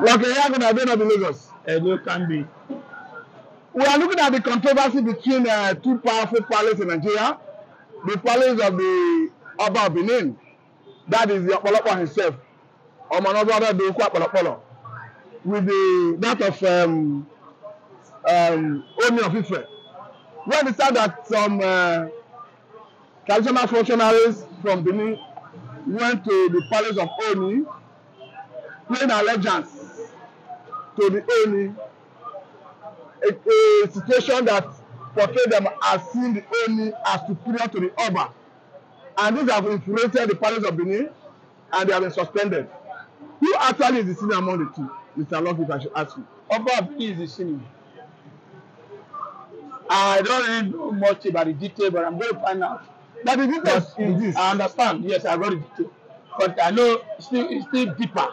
Wakiago may not be Lagos. Uh, no, can be. We are looking at the controversy between uh, two powerful palaces in Nigeria. The palace of the Oba of Benin, that is the Opolopo himself, Omanobada Doku Apolopolo, with the, that of um, um, Omi of Ife. We understand that some uh, traditional functionaries from Benin went to the palace of Omi, playing allegiance to the only a, a situation that portray them as seeing the Oni as superior to the Oba. And these have infuriated the palace of Benin and they have been suspended. Who actually is the senior among the two? Mr. Love, if I should ask you. Oba is the senior. I don't really know much about the detail, but I'm going to find out. That the details is this. I understand. Yes, I got the detail. But I know it's still, it's still deeper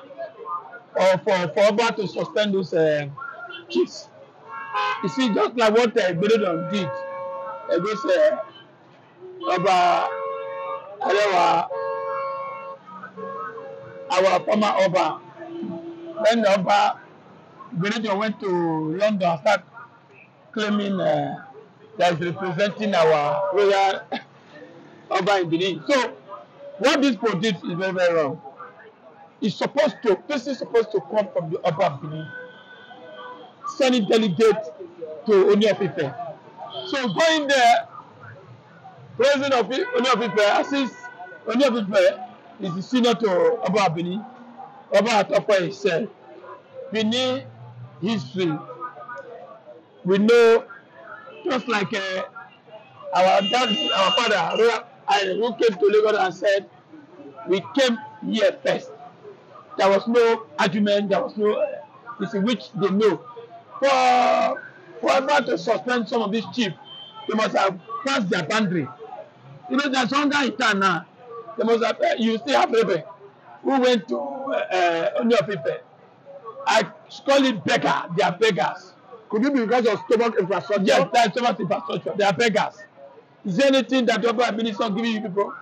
or for for Oba to suspend those uh, chiefs. You see, just like what uh, Gbedodun did against uh, Oba Arewa, our former Oba. When Oba Gbedodun went to London and start claiming uh, that is representing our royal Oba in Benin. So, what this produce is very, very wrong is supposed to this is supposed to come from the upper Benin Senate delegate to Oni of So going there, President of Oni of Ife assists Oni is the senior to Oba Benin. Oba Atofo himself. Benin history we know just like uh, our dad, our father, who uh, came to Lagos and said, we came here first. There was no argument. There was no. Uh, you see, which they know. For for whoever to suspend some of these chiefs, they must have passed their boundary. You know, there's hunger in town now. They must have. Uh, you see, have rebel who went to uh, Union uh, I call it beggar. They are beggars. Could it be because of stomach infrastructure? Yes, that's stomach infrastructure. They are beggars. Is there anything that your prime minister giving you people?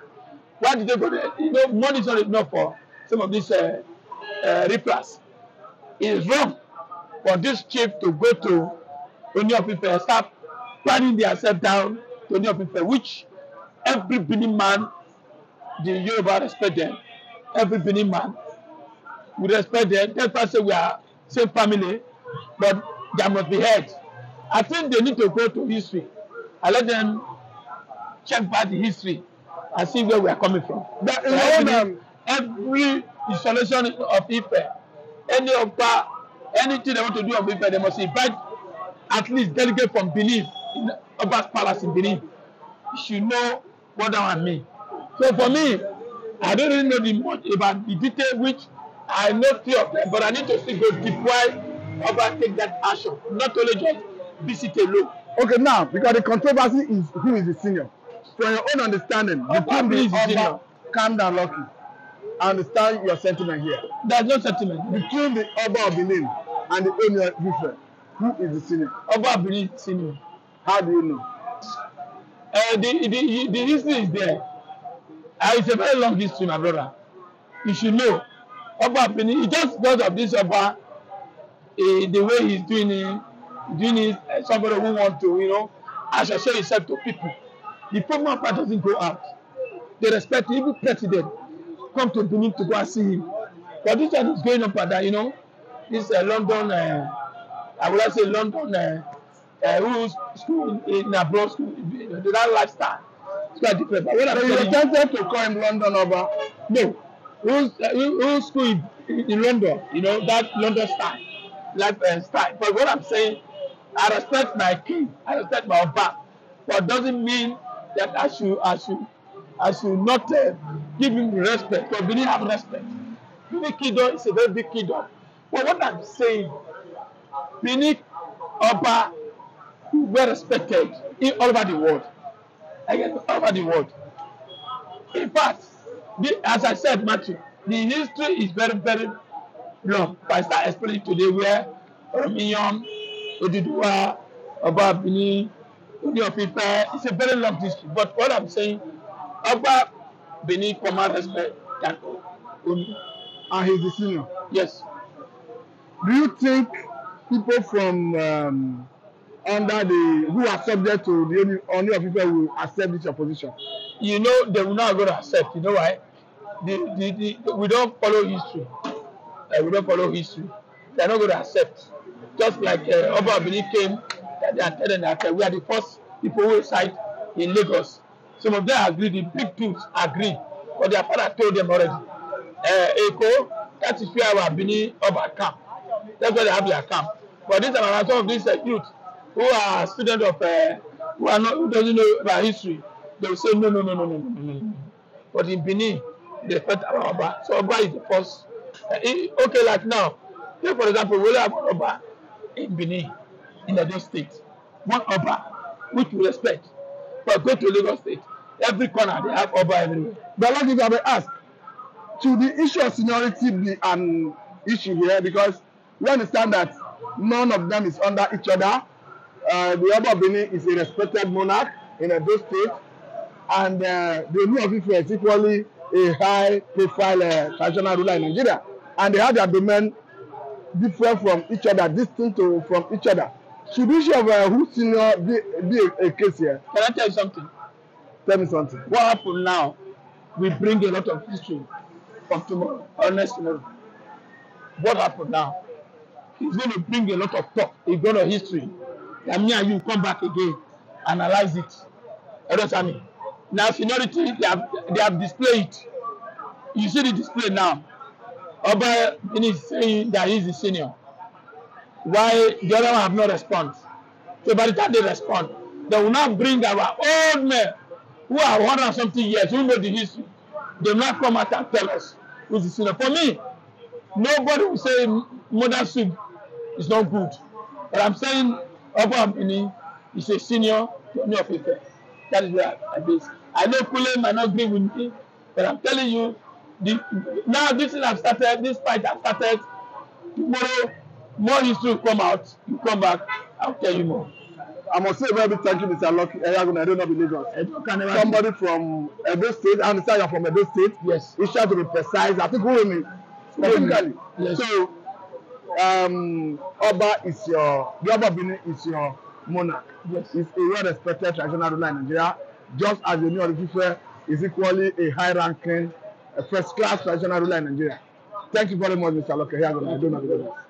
Why did they go there? You know, money is not enough for some of these uh, uh, reapers. It is wrong for this chief to go to Ooni of and start planning themselves down to Ooni of which every Benin man the Yoruba respect them every Benin man we respect them despite say we are same family but there must be head I think they need to go to history I let them check back the history and see where we are coming from. But, every, every installation of Ife, any of Oba, anything they want to do of Ife, they must invite at least delegate from Benin, in Oba's palace in Benin. She know what that one mean. So for me, I don't really know the much about the detail which I know few of them, but I need to still go deep why Oba take that action, not only just visit alone. Okay, now because the controversy is who is the senior. From your own understanding, Oba, you can't be Oba, calm down, Lucky understand your sentiment here. There's no sentiment. Between the Oba of Benin and the Emir Bife, who is the senior? Oba Benin senior. How do you know? Uh, the, the, the history is there. Uh, it's a very long history, my brother. You should know. Oba Benin, it's just because of this Oba, uh, the way he's doing it, doing it, uh, somebody who wants to, you know, associate himself to people. The former part doesn't go out. They respect even president come to Benin to go and see him. But this one is going up and down, you know. This uh, London, uh, I would like to say London, uh, uh, who's school in, abroad school, that lifestyle. It's quite different. But when so you attempted to call him London over? No. Who's, uh, who's school in, in London, you know, that London style, life uh, style. But what I'm saying, I respect my king, I respect my Oba, but doesn't mean that I should, I should, I should not uh, give him respect or really have respect. Benin kingdom is a very big kingdom. But what I'm saying, Benin Oba well respected in all over the world. Again, all over the world. In fact, the, as I said, Matthew, the history is very, very long. But I start explaining today where Oromiyan, Oduduwa, Oba Benin, Ooni of it's a very long history. But what I'm saying, Oba beneath common respect than Ooni. And he's the senior. Yes. Do you think people from um, under the who are subject to the Ooni Ooni of Ife will accept this opposition? You know they will not go to accept. You know why? The, the, the, we don't follow history. Uh, we don't follow history. They are not going to accept. Just like uh, Oba Abini came, they attended that uh, we are the first people who reside in Lagos Some of them agree. the big tools agree, but their father told them already. Uh, eh, Eko, that is where our Bini Oba camp. That's where they have their camp. But this time around, some of these uh, youth who are students of, uh, who are not, who doesn't know about history, they will say, no, no, no, no, no, no, no. But in Bini, they felt about Oba. So Oba is the first. Uh, in, okay, like now, take for example, we have Oba in Bini, in Edo State. One Oba, which we respect. But go to Lagos State. Every corner, they have Oba everywhere. But let me I ask, to the issue of seniority be an issue here? Because we understand that none of them is under each other. Uh, the Oba Benin is a respected monarch in a Edo State. And uh, the New of Ife is equally a high-profile uh, traditional ruler in Nigeria. And they have their domain different from each other, distinct to, from each other should we share uh, who senior be, be a, a case here? Can I tell you something? Tell me something. What happened now? We bring a lot of history from tomorrow, or next tomorrow. What happened now? He's going to bring a lot of talk, a lot of history. And me and you come back again, analyze it. I Understand Now, seniority, they have, they have displayed You see the display now. Oba is saying that he's the senior why the other one have no response? So by the time they respond, they will not bring our old men who are 100 and something years, who know the history. They will not come out and tell us who's the enough. For me, nobody will say modern soup is not good. But I'm saying Obamini is a senior to me of Ife. That is where I base. I know Kule might not agree with me, but I'm telling you, the, now this thing I've started, this fight I've started, tomorrow more history come out. You come back, I'll tell you more. I must say very big thank you, Mr. Lucky Eyagun. I don't know Lagos. Somebody see. from Edo State. I understand you're from Edo State. Yes. You try to be precise. I think who Uromi. Specifically. Yes. So, um, Oba is your, the Oba Benin is your monarch. Yes. He's a well respected traditional ruler in Nigeria. Just as the new Orifife is equally a high ranking, a first class traditional ruler in Nigeria. Thank you very much, Mr. Lucky Eyagun. I don't know Lagos.